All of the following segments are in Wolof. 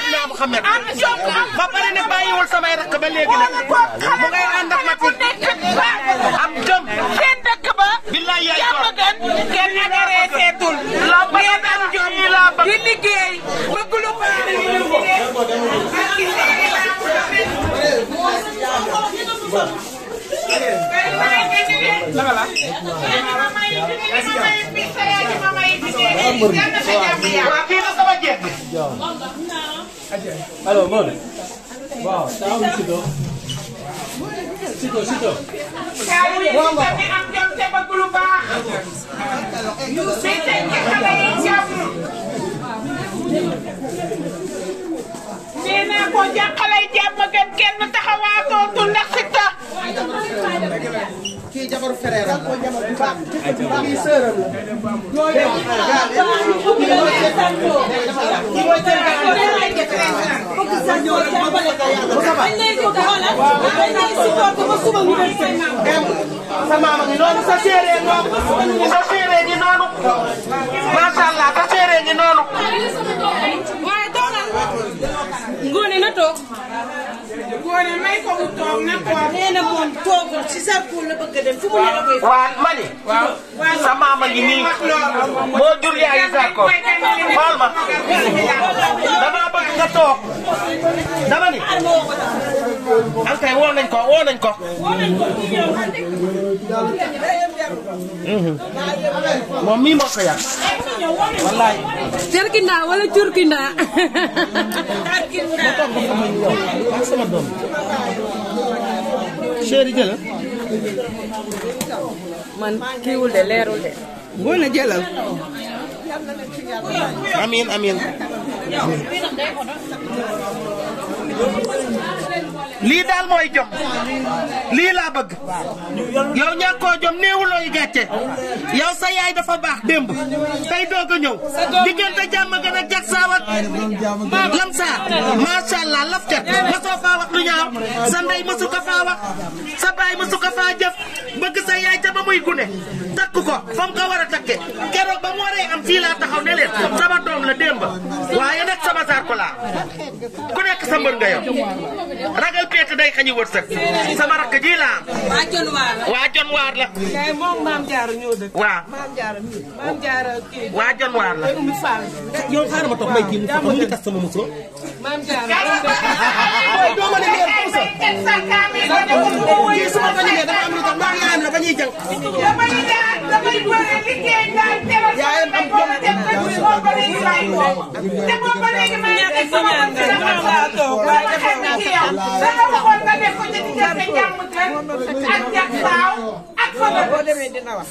Seydina Mouhamed ba pare ne bàyyiwul samay rakk ba léegi nag mu ngay ànd ak Macky am jom seen dëkk ba billaay yaay ko kenn agareeteetul ngeen am jom di liggéey bëgg lu baax Thank you. alors Maodo waaw taawul Sito Sito Sito. taawul yi ñu tamit am jom te bëgg lu baax. mais tey jii xale yi jàpp. nee naa ko jàpp xale yi jàpp kenn taxawaatootu ndax Sito. kii jabaru fereera la kii sëram la sa maama ngi noonu sa séeréer noonu sa séeréer ngi noonu macha allah sa séeréer ngi noonu waaye toogal ngoone na toog ngoone may ko mu toog na toog nee na moom toogul Zarko la bëgg a dem ma ne. nii moo jur yaayu Zarko xool damaa bëgg nga toog dama ni. ankay woo nañ ko woo nañ ko. Mhm. moom mii moo ko yàq. wallaay. turkinda wala turkinda. turkinda. ma toog ba man kiiwul de leerul de. amiin amiin. lii daal mooy jom lii laa bëgg yow ñàkkoo jom néewuloo yu sa yaay dafa baax démb tey doog a ñëw diggante jàmm gën a jag saa wat lam saa macha allah laf cat ñaaw sa ndey mosu ko faa wax sa baay mosu ko faa jëf bëgg sa yaay ca ba muy gune takk ko fa mu war a takke keroog ba mu waree am fii laa taxaw ne leen sama doom la démb ku nekk sa mbër nga yor ragal peete day xañi wërsëg sama rakk ji la am. waa jon waar la waa jon a la. kay moom maam jaara ñoo dëkk. ma toog ak fa nga ko demee dina wax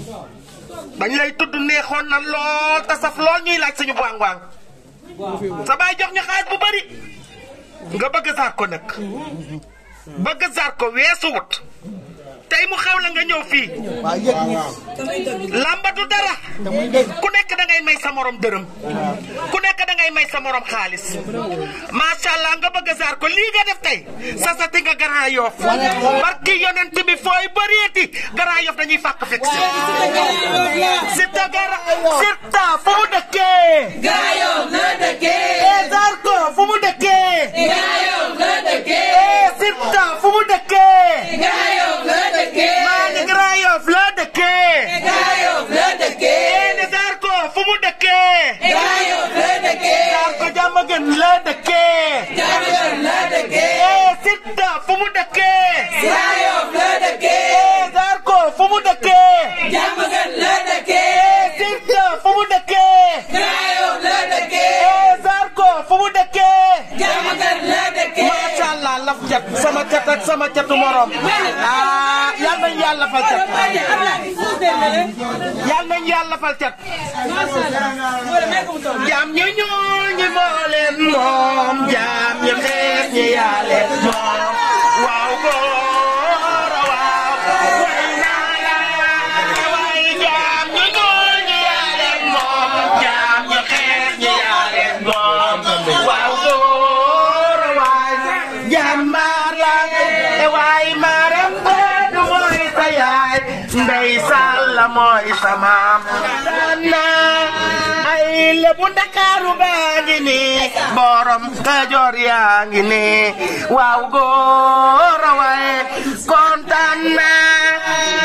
bañ lay tudd neexoon nan lool te saf lool ñuy laaj suñu waang waang sa baay jox ñu xaalis bu bari nga bëgg saar ko nag mm-hmm. bëgg saar ko weesu wut tey mu xew la nga ñëw fii. waaw dara. ku nekk da ngay may sa morom dërëm. ku nekk da ngay may sa morom xaalis. macha allah nga bëgg a saar ko lii nga def tey sasati nga Grand Yoff. barki yonent fooy bëreeti Grand Yoff dañuy fàq fekk si. si ta gara mu dëkkee. Grand Yoff ee eh, saar ko fu mu dëkkee. Grand Yoff dëkkee. maa ni Grand Yoff la dëkkee. Grand Yoff la dëkkee. yéen Zarko fu mu dëkkee. Grand Yoff la dëkkee. Zarko Diamaguène la dëkkee. Diamaguène la dëkkee. Siteu fu mu dëkkee. Grand Yoff la dëkkee. Zarko fu mu dëkkee. Diamaguène la dëkkee. Siteu fu mu dëkkee. Grand Yoff la dëkkee. Zarko fu mu dëkkee. Diamaguène la dëkkee. macha allah laf cat sama cat ak sama catu morom. lafal cat yal nañu yàlla lafal cat jaam ñi ñoo ñi moo leen moom jaam ñi xeet ñi yaa leen moom mooy samaam ay lebu ndakaaru baa ngi góor a waay kontaan naa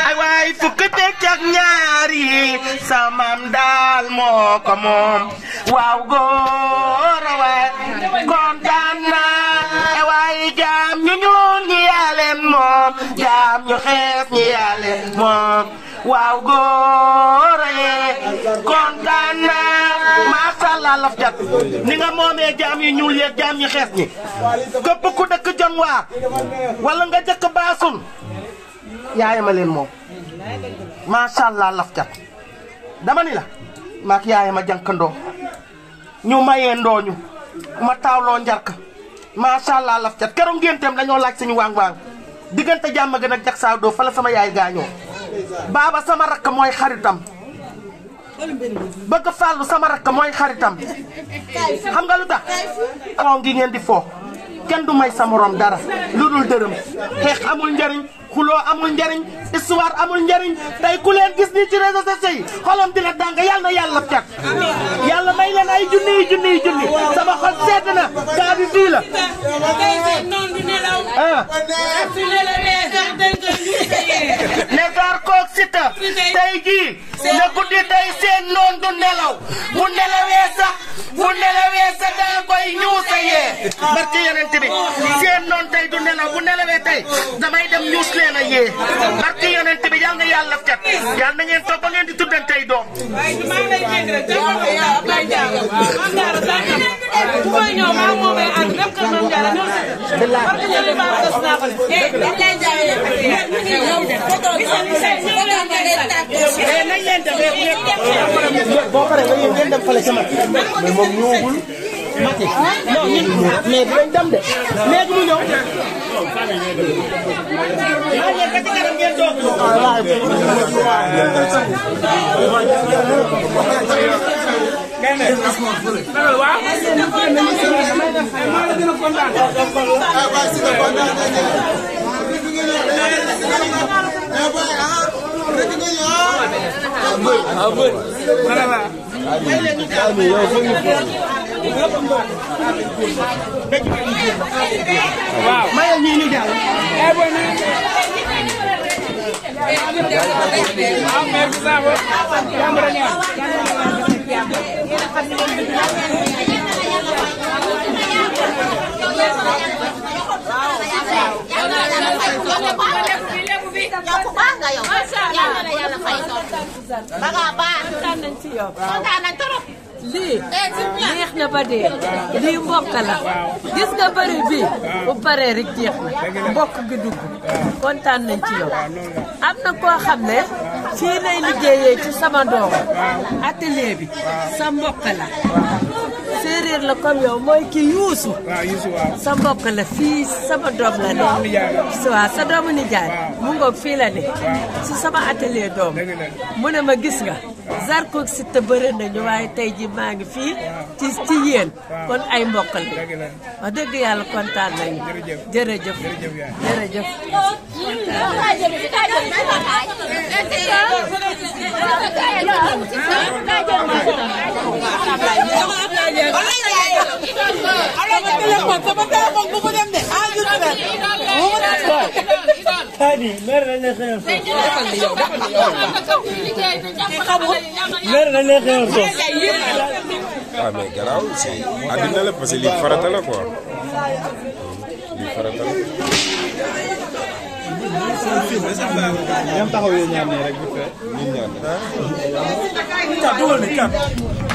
ay waay fukki teg ñaari samaam daal moo ko moom waaw góor a waay kontaan naa ay jaam ñu ñuul ñi yàlla moom jaam ñu xees ñi yàlla moom waaw góora yee kontaan naa macha allah laf ni nga moomee jaam yi ñuul yeeg jaam yi xees ñi képp ku dëkk jon waar wala nga jëkk baasul yaayama leen moom macha allah laf jat dama ni la maak yaayama jànkandoo ñu mayee ndooñu ma taawloo njarka macha allah laf jat keroog ngénteem dañoo laaj suñu waang waang diggante jàmm gën ak jagsaaw doo fa sama yaay gaañoo baaba sama rakk mooy xaritam bëgg fàllu sama rakk mooy xaritam xam nga lu tax foo ngi ngeen di foo kenn du may sa morom dara lu dul dërëm xeex amul njariñ xuloo amul njariñ histoire amul njariñ tey ku leen gis ni ci réseaux sociaux yi xolam dina dàng yàlla na yàlla cat yàlla may leen ay junni junni junni sama xol sedd na tey jii na guddi noon du nelaw bu nelawee sax bu nelawee sax daa ñuusa yee ah. bu nelawee tey damay dem ñuus leen a yee barki yonent bi yal na yàlla fet yal na ngeen toog ba ngeen di tuddantey doom bu may ñëw maa ngi moomay ànd même kër Mame Diarra ñëw si kër. parce que li ma la des naa ko def. mais nañ leen dem. boo paree ngeen dem fële ca mag mais moom ñëwagul. Mati non ñun mais dinañ dem de léegi mu ñëw. waaw waaw ma ne nii nii daal. yàqu baax nga yow. yàlla na yàlla fay. ba nga baax. kontaan nañ ci yow. kontaan nañ trop. lii neex na ba dee lii mbokk la gis nga bëri bi bu paree rek jeex na mbokk gi dugg kontaan nañ ci yow am na koo xam ne fii lay liggéeyee ci sama doom atelier bi sa mbokk la séeréer mooy kii yuusu sama doom la ne waaw sa doomu nijaay mu ngoog fii ne si sama atelier doom mu ne ma gis nga Zarko ak Siteu bëri nañu tey ji maa ngi fii ci ci yéen kon ay mbokk la wax dëgg yàlla kontaan nañu jërëjëf jërëjëf jërëjëf Fadi mer na leen xëyoon foofu. mer na leen xëyoon foofu. Ah, waaw mais garaaw si àddina la parce que lii farata la quoi lii farata la. ñoom taxaw yooyu ñaan rek bu fekk ñun ñaan